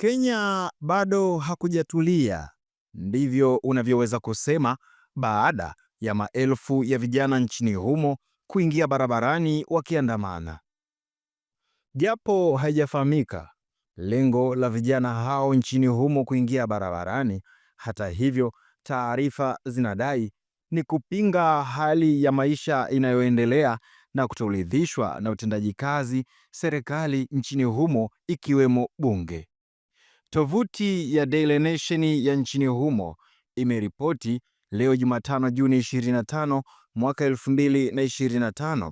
Kenya bado hakujatulia, ndivyo unavyoweza kusema baada ya maelfu ya vijana nchini humo kuingia barabarani wakiandamana. Japo haijafahamika lengo la vijana hao nchini humo kuingia barabarani, hata hivyo, taarifa zinadai ni kupinga hali ya maisha inayoendelea na kutoridhishwa na utendaji kazi serikali nchini humo ikiwemo bunge. Tovuti ya Daily Nation ya nchini humo imeripoti leo Jumatano Juni 25 mwaka 2025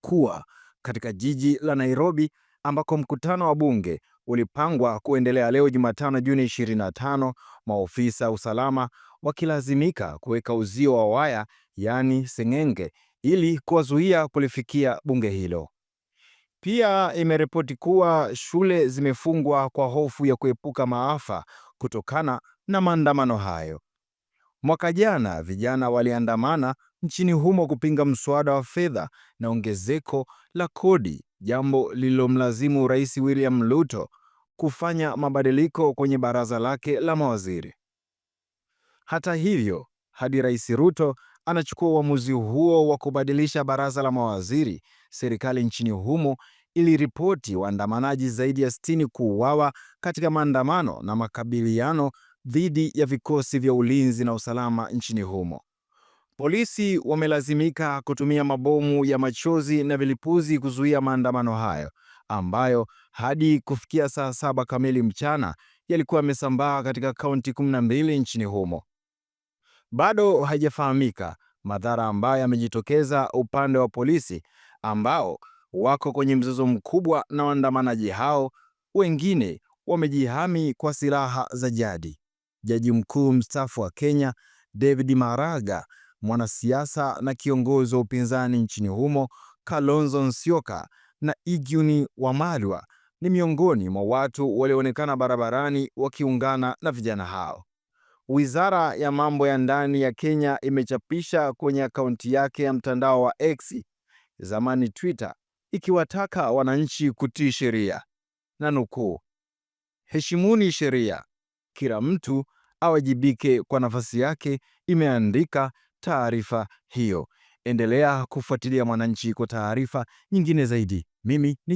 kuwa katika jiji la Nairobi ambako mkutano wa bunge ulipangwa kuendelea leo Jumatano Juni 25, maofisa usalama wakilazimika kuweka uzio wa waya yaani seng'enge ili kuwazuia kulifikia bunge hilo. Pia imeripoti kuwa shule zimefungwa kwa hofu ya kuepuka maafa kutokana na maandamano hayo. Mwaka jana vijana waliandamana nchini humo kupinga mswada wa fedha na ongezeko la kodi, jambo lililomlazimu Rais William Ruto kufanya mabadiliko kwenye baraza lake la mawaziri. Hata hivyo, hadi Rais Ruto anachukua uamuzi huo wa kubadilisha baraza la mawaziri, serikali nchini humo iliripoti waandamanaji zaidi ya 60 kuuawa katika maandamano na makabiliano dhidi ya vikosi vya ulinzi na usalama nchini humo. Polisi wamelazimika kutumia mabomu ya machozi na vilipuzi kuzuia maandamano hayo ambayo hadi kufikia saa saba kamili mchana yalikuwa yamesambaa katika kaunti 12 nchini humo. Bado haijafahamika madhara ambayo yamejitokeza upande wa polisi ambao wako kwenye mzozo mkubwa na waandamanaji hao, wengine wamejihami kwa silaha za jadi. Jaji mkuu mstaafu wa Kenya David Maraga, mwanasiasa na kiongozi wa upinzani nchini humo Kalonzo Musyoka na Eugene Wamalwa ni miongoni mwa watu walioonekana barabarani wakiungana na vijana hao. Wizara ya Mambo ya Ndani ya Kenya imechapisha kwenye akaunti yake ya mtandao wa X zamani Twitter, ikiwataka wananchi kutii sheria na nukuu, heshimuni sheria, kila mtu awajibike kwa nafasi yake, imeandika taarifa hiyo. Endelea kufuatilia Mwananchi kwa taarifa nyingine zaidi. Mimi ni